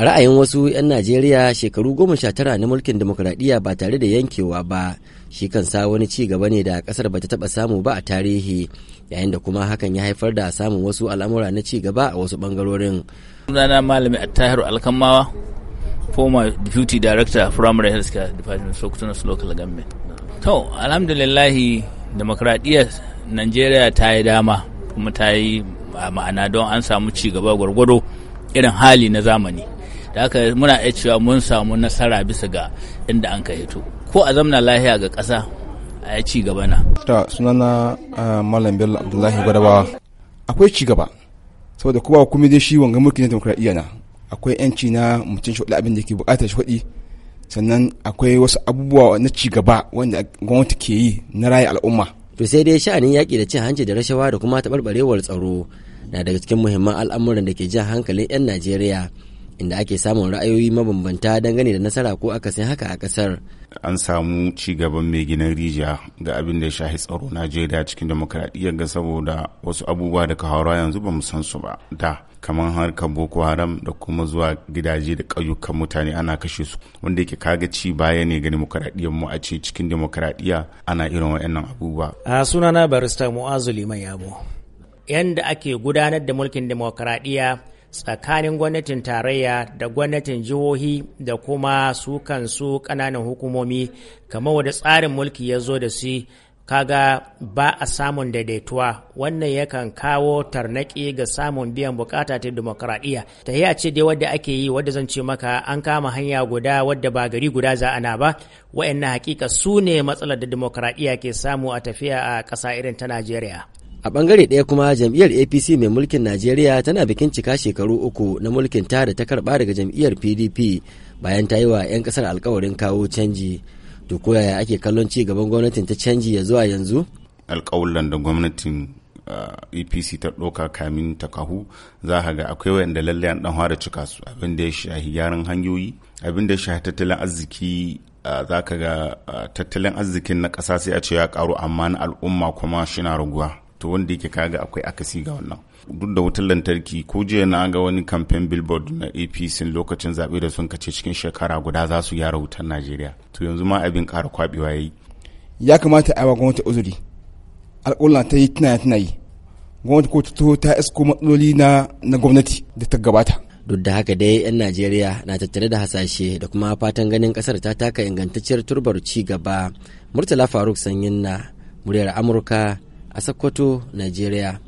a ra'ayin wasu 'yan najeriya shekaru goma sha tara na mulkin demokuraɗiyya ba tare da yankewa ba shi kansa wani ci gaba ne da ƙasar ba ta taɓa samu ba a tarihi yayin da kuma hakan ya haifar da samun wasu al'amura na ci gaba a wasu ɓangarorin sunana malami attahiru alkamawa former deputy director primary health care department sokoto local government to alhamdulillahi demokradiyyar najeriya ta yi dama kuma ta yi ma'ana don an samu ci gaba gwargwado irin hali na zamani da haka muna iya cewa mun samu nasara bisa ga inda an ka hito ko a zamna lahiya ga ƙasa a ya ci gaba na. ta sunana malam bello abdullahi gwadawa akwai ci gaba saboda kowa kuma dai shi wanga mulkin demokradiyya na akwai yanci na mutum shi abin da ke bukatar shi sannan akwai wasu abubuwa na ci gaba wanda gwamnati ke yi na rayu al'umma to sai dai sha'anin yaƙi da cin hanci da rashawa da kuma taɓarɓarewar tsaro na daga cikin muhimman al'amuran da ke jan hankalin 'yan najeriya inda ake samun ra'ayoyi mabambanta dangane da nasara ko akasin haka a kasar an samu ci gaban mai ginin rijiya ga abin da ya shahi tsaro najeriya cikin demokradiyyar ga saboda wasu abubuwa da kahara yanzu ba san su ba da kamar harkar boko haram da kuma zuwa gidaje da ƙauyukan mutane ana kashe su wanda yake kaga ci baya ne ga demokradiyyar mu a ce cikin demokradiyya ana irin waɗannan abubuwa a sunana barista mu'azu liman yabo yanda ake gudanar da mulkin demokradiyya tsakanin gwamnatin tarayya da gwamnatin jihohi da kuma su kansu kananan hukumomi kamar wadda tsarin mulki ya zo da su kaga ba a samun daidaituwa wannan yakan kawo tarnaƙi ga samun biyan bukata ta demokradiyya ta yi a ce dai wadda ake yi wadda zan ce maka an kama hanya guda wadda ba gari guda za ana ba wa'annan hakika su ne matsalar da demokradiyya ke samu a tafiya a ƙasa irin ta najeriya a bangare ɗaya kuma jam'iyyar apc mai mulkin najeriya tana bikin cika shekaru uku na mulkin ta da ta karba daga jam'iyyar pdp bayan ta yi wa 'yan kasar alkawarin kawo canji to koyaya ake kallon ci gaban gwamnatin ta canji ya zuwa yanzu alkawulan da gwamnatin apc ta ɗauka kamin ta kahu za ka ga akwai wayanda lallai an ɗan hwara cika su abin da ya shahi gyaran hanyoyi abin da ya shahi tattalin arziki za ka ga tattalin arzikin na ƙasa sai a ce ya ƙaru amma na al'umma kuma shi na raguwa to wanda yake kaga akwai akasi ga wannan duk da wutar lantarki ko jiya na ga wani kamfen billboard na apc lokacin zaɓe da sun kace cikin shekara guda za su gyara wutar najeriya to yanzu ma abin ƙara kwaɓewa ya yi ya kamata a yi wa gwamnati uzuri alƙulla ta yi tana tana yi gwamnati ko ta taho ta isko matsaloli na na gwamnati da ta gabata duk da haka dai 'yan najeriya na tattare da hasashe da kuma fatan ganin kasar ta taka ingantacciyar turbar ci gaba murtala faruk sanyin na muryar amurka a Sokoto, Najeriya.